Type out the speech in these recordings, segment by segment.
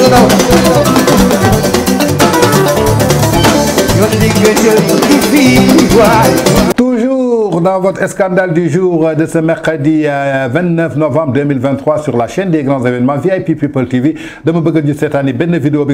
no, no, no. dans votre scandale du jour euh, de ce mercredi 29 euh, novembre 2023 sur la chaîne des grands événements VIP People TV de mon cette année Ben vidéo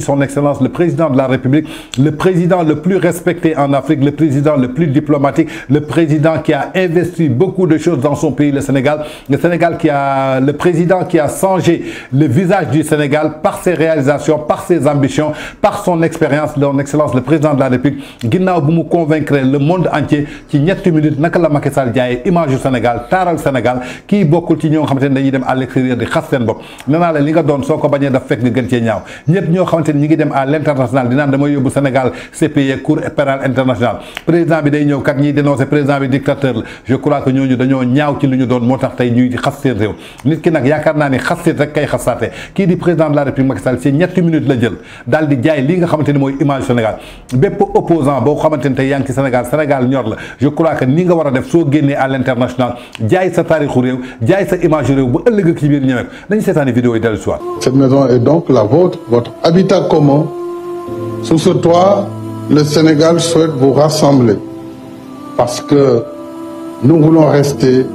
son excellence le président de la République le président le plus respecté en Afrique le président le plus diplomatique le président qui a investi beaucoup de choses dans son pays le Sénégal le Sénégal qui a le président qui a changé le visage du Sénégal par ses réalisations par ses ambitions par son expérience son excellence le président de la République ginnaaw convaincre le monde entier n'y ñetti minutes naka la Macky Sall jaay image du Sénégal taral Sénégal ki bokul ci ñoo xamante dañuy dem à l'extérieur di xas seen bopp nee naa li nga doon soko bañé da daf fekk nga gën ci ñaaw ñëpp ñoo xamante ñi ngi dem à l'international di dama yobbu Sénégal CPI cour pénal international président bi day ñëw kat ñi dénoncer président bi dictateur je crois que ñooñu dañoo ñaaw ci li ñu doon motax tay tey ñuy xas seen réew nit ki nak yaakaar naa ni xas seen rek kay xasaate ki di président de la république Macky Sall ci ñetti minutes la jël dal di jaay li nga xamante moy image du Sénégal bép opposant bo xamante tay tey Sénégal Sénégal ñor la je crois que ni nga wara def so à l'international jaay sa taarixu rew jaay sa image rew bu ëllëg ak ci biir vidéo yi cette maison est donc la vôtre votre habitat commun sous ce toit le Sénégal souhaite vous rassembler parce que nous voulons rester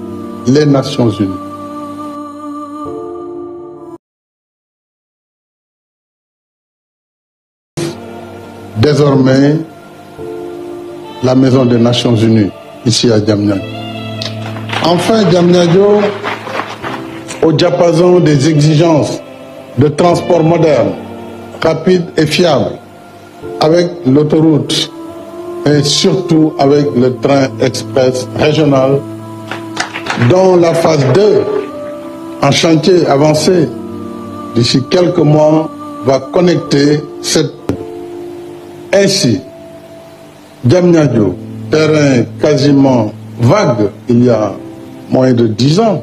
les Nations Unies. Désormais, la Maison des Nations Unies ici à Enfin, Damnado, au diapason des exigences de transport moderne, rapide et fiable, avec l'autoroute et surtout avec le train express régional, dont la phase 2, en chantier avancé, d'ici quelques mois, va connecter cette. Ainsi, terrain quasiment vague il y a moins de dix ans,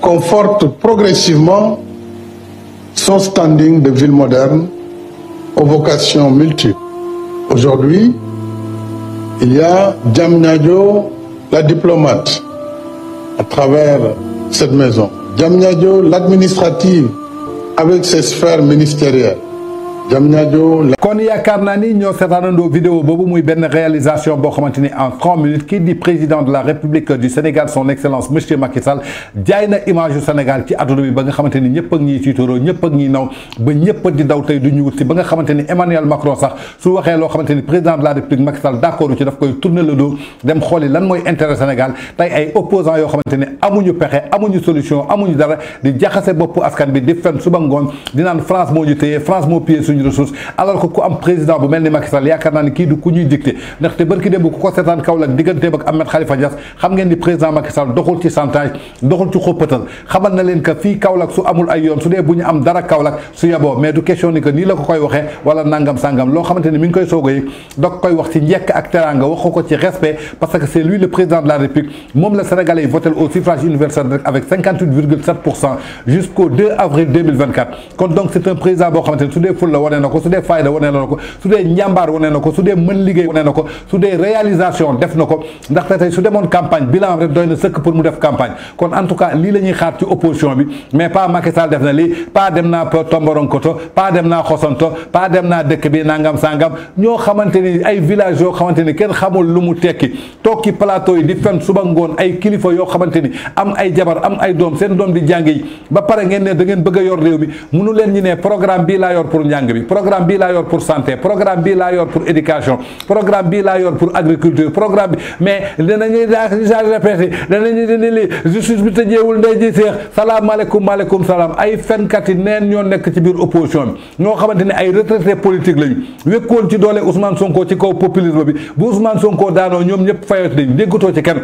conforte progressivement son standing de ville moderne aux vocations multiples. Aujourd'hui, il y a Djamnyadjo, la diplomate, à travers cette maison. Djamnyadjo, l'administrative, avec ses sphères ministérielles kon yaakaar naa ni ñoo seetaanandoo vidéo boobu muy benn réalisation boo xamante ni en trois minutes kii di président de la république du Sénégal son excellence monsieur Macky Sall jaay image du Sénégal ci àdduna bi ba nga xamante ni ñëpp ak ñiy tiitaroo ñëpp ak ñiy naw ba ñëpp di daw tey du ñu wut ba nga xamante Emmanuel Macron sax su waxee loo xamante président de la république Macky Sall d'accord ci daf koy tourner le dos dem xooli lan mooy intérêt Sénégal tey ay opposants yoo xamante ni amuñu pexe amuñu solution amuñu dara di jaxase bopp askan bi di fen suba ngoon di naan France moo ñu téye France moo piye suñu alors que ku am président bu mel ni Macky Sall yakarna ni kii du ku ñuy dicté ndaxte barki dem ku ko seetaan Kaolack digganteem ak Ahmed Khalifa Niass xam ngeen ni président Macky Sall doxul ci santage doxul ci xóppatal xamal na leen ka fi Kaolack su amul ay yoon su dé bu ñu am dara Kaolack su yeboo mais du question ni que ni la ko koy waxé wala nangam sangam lo xamante ni mi ngi koy soog a koy wax ci ñek ak teranga wax ko ci respect parce que c'est lui le président de la République mom la Sénégalais yi voté au suffrage universel avec 58,7% jusqu'au 2 avril 2024 kon donc c'est un président bo xamante ni su dee ful la wane na ko su dee fayda wane na ko su dee njàmbaar wane na ko su dee mën liggéey wane na ko su dee réalisation def na ko ndaxte tey su demoon campagne bilan rek doy na sëkk pour mu def campagne kon en tout cas lii la xaar ci opposition bi mais pas Macky def na lii pas dem naa Tomboronkoto pas dem naa Xosanto pas dem naa dëkk bi nangam sangam ñoo xamante ay village yoo xamante kenn xamul lu mu tekki toog ci plateau yi di fen suba ngoon ay kilifa ni am ay jabar am ay doom seen di da ngeen bëgg a yor réew mi bi programme bi laa yor pour santé programme bii laa yor pour éducation programme bi laa yor pour agriculture programme bi mais danañuy daag répété danañu dini li justice bi tëjeewul nday ji seex salaamaaleykum maaleykum salaam ay fenkat yi neen ñoo nekk ci biir opposition bi ñoo xamante ne ay retraité politique lañu wékkoon ci doole Ousmane Sonko ci kaw populisme bi bu Ousmane Sonko daanoo ñoom ñëpp fayot nañ déggatoo ci kenn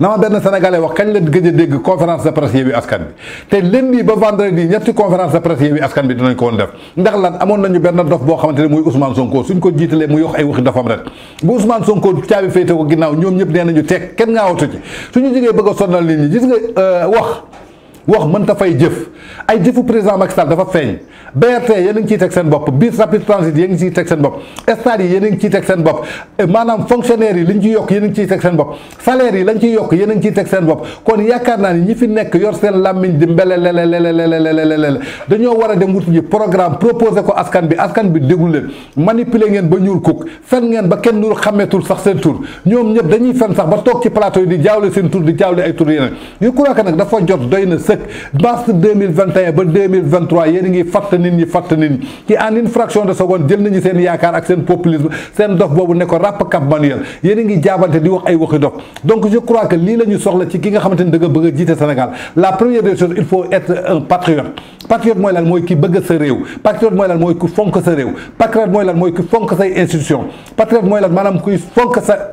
na ma benn sénégalais wax kañ la gëj a dégg conférence de presse Yewwi Askan Wi te lundi ba vendredi ñetti conférence de presse Yewwi Askan Wi dinañ ko woon def ndax lan amoon nañu benn dof boo xamante ne muy Ousmane Sonko suñ ko jiitalee muy wax ay waxi dofam rek bu Ousmane Sonko caabi féete ko ginnaaw ñoom ñëpp nee nañu teg kenn ngaa watu ci suñu jigee bëgg a sonnal nit ñi nga euh, wax wax mënta fay jëf ay jëfu président Macky Sall dafa feeñ BRT yéen a ngi ciy teg seen bopp biir rapide transit yéen a ngi ciy teg seen bopp stade yi yéen a ngi ciy teg seen bopp maanaam yi liñ a ngi ciy teg seen bopp a kon yaakaar naa ni ñi fi nekk yor seen làmmiñ di mbele lele lele lele dañoo war a dem wutu programme proposé ko askan bi askan bi déglu leen manipuler ngeen ba ñuul kuk fen ngeen ba kenn nul xàmmeetul sax seen tur ñoom ñëpp dañuy fen sax ba toog ci plateau ëllëg mars 2021 ba 2023 yéen a ngi fatt nit ñi fatt nit ñi ci en une fraction de seconde jël nañu seen yaakaar ak seen populisme seen dof boobu ne ko rap Cap Manuel yéen a ngi jaabante di wax ay waxi dof donc je crois que lii la ñu soxla ci ki nga xamante ni da nga bëgg a jiite Sénégal la première des choses il faut être un patriote patriote mooy lan mooy ki bëgg sa réew patriote mooy lan mooy ku fonk sa réew patriote mooy lan mooy ku fonk say institution patriote mooy lan maanaam kuy fonk sa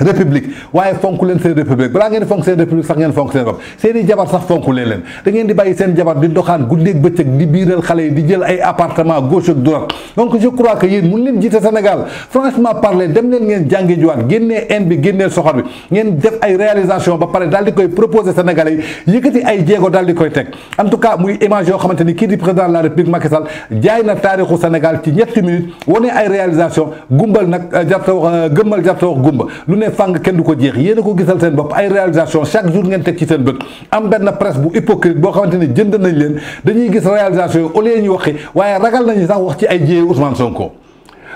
république waaye fonku leen seen république balaa ngeen fonk seen république sax ngeen fonk seen bopp seen i jabar sax fonku leen leen da ngeen di bàyyi seen jabar di doxaan guddeeg bëccëg di biiral xale yi di jël ay appartement gauche ak droite donc je crois que yéen mun leen jiite Sénégal franchement parler dem leen ngeen jàngi juwaat génnee haine bi génnee soxor bi ngeen def ay réalisation ba pare daal di koy proposer Sénégalais yi yëkkati ay jéego daal di koy teg en tout cas muy image yoo xamante ni kii di président de la république Macky Sall jaay na taarixu Sénégal ci ñetti minutes wane ay réalisation gumbal nag euh, jarta euh, gëmmal jarta wax gumba ne fàng kenn du ko jeex yéen a ko gisal seen bopp ay réalisation chaque jour ngeen teg ci seen bët am benn presse bu hypocrite boo xamante ne jënd nañ leen dañuy gis réalisation yi ñu waxi waaye ragal nañu sax wax ci ay jiyee Ousmane Sonko.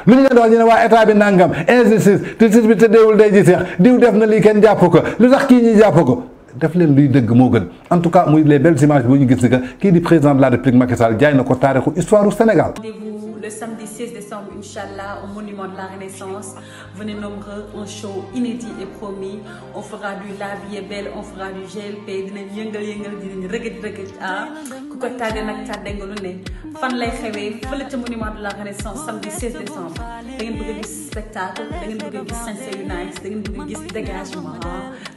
lu ñu leen di wax waa état bi nangam injustice justice bi tëddeewul day ji seex diw def na lii kenn jàpp ko lu tax kii ñi jàpp ko. def luy dëgg gën en tout cas les belles images que vous avez vu qui kii di président de la république Macky Sall jaay na ko taarixu histoire du Sénégal. Rendez-vous le samedi 16 décembre inchallah au monument de la Renaissance venez nombreux un show inédit et promis on fera du La Vie Belle on fera du GLP dinañ on yëngal dinañ rëgëj du ah ku ko tàddee nag tàddee nga lu ne fan lay xewee fële ca monument de la Renaissance samedi 16 décembre da ngeen bëgg a spectacle da ngeen bëgg a gis sincère yu nice da ngeen bëgg dégagement ah.